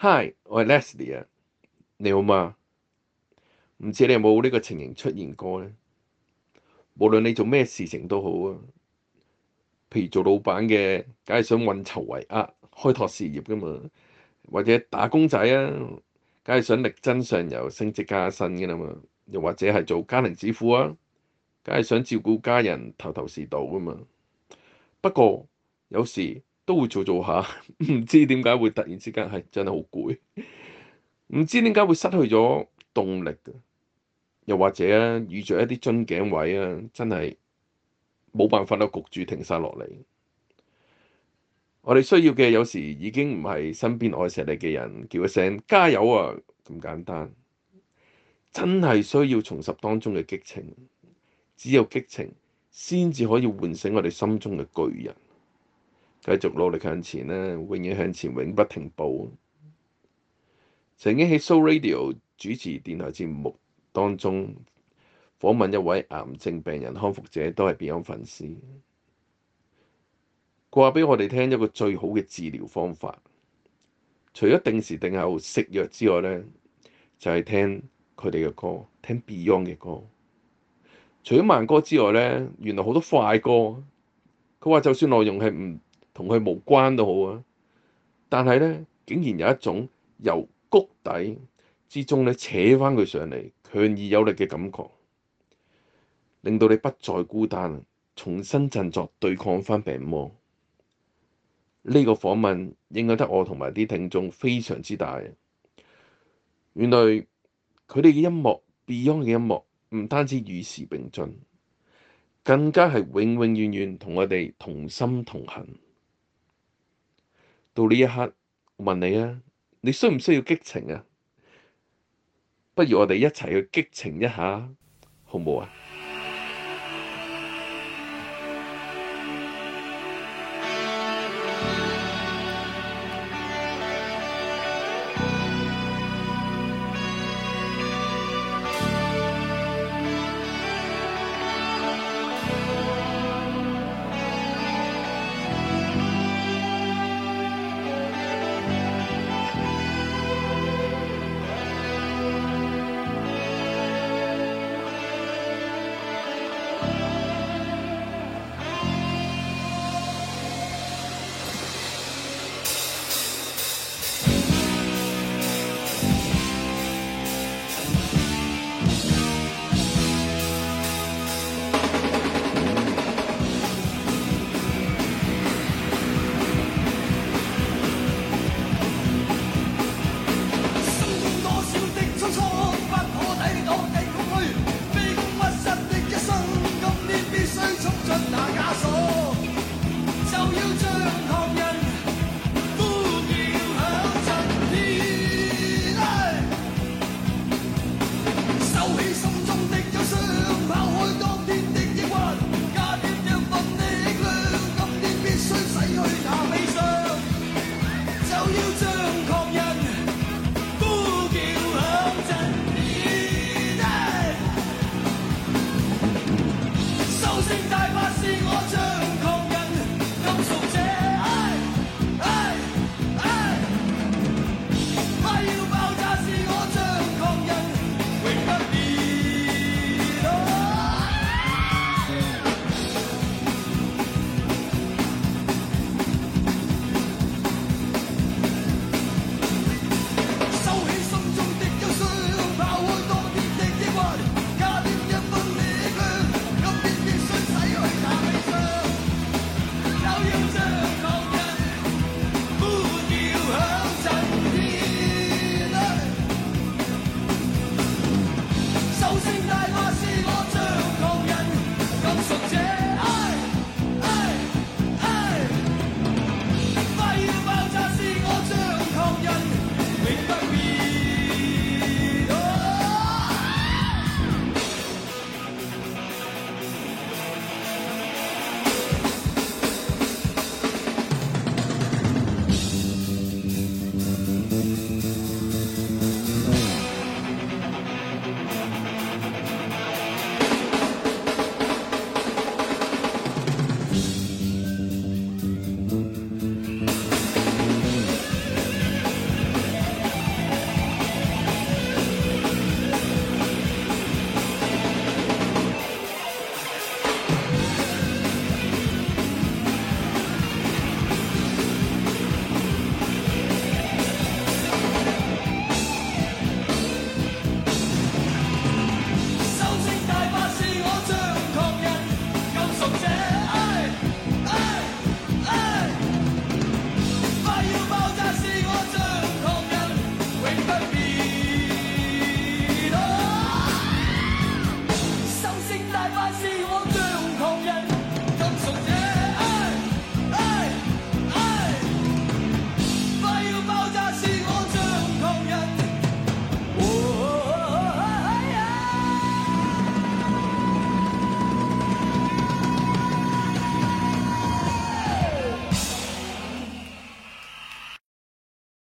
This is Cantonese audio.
Hi，我係 Leslie 啊，你好嘛？唔知你有冇呢個情形，出現過咧？無論你做咩事情都好啊，譬如做老闆嘅，梗係想運籌帷幄，開拓事業噶嘛；或者打工仔啊，梗係想力爭上游，升職加薪噶啦嘛；又或者係做家庭主婦啊，梗係想照顧家人，頭頭是道噶嘛。不過有時，都會做做下，唔知點解會突然之間係真係好攰，唔 知點解會失去咗動力又或者、啊、遇着一啲樽頸位啊，真係冇辦法啦，焗住停晒落嚟。我哋需要嘅有時已經唔係身邊愛錫你嘅人叫一聲加油啊咁簡單，真係需要重拾當中嘅激情。只有激情，先至可以喚醒我哋心中嘅巨人。繼續努力向前咧，永遠向前，永不停步。曾經喺 Show Radio 主持電台節目當中訪問一位癌症病人康復者，都係 Beyond 粉絲。佢話俾我哋聽一個最好嘅治療方法，除咗定時定候食藥之外咧，就係、是、聽佢哋嘅歌，聽 Beyond 嘅歌。除咗慢歌之外咧，原來好多快歌。佢話就算內容係唔同佢無關都好啊，但係咧，竟然有一種由谷底之中咧扯返佢上嚟強而有力嘅感覺，令到你不再孤單，重新振作對抗返病魔。呢個訪問影響得我同埋啲聽眾非常之大。原來佢哋嘅音樂 Beyond 嘅音樂唔單止與時並進，更加係永永遠遠同我哋同心同行。到呢一刻，我問你啊，你需唔需要激情啊？不如我哋一齊去激情一下，好唔好啊？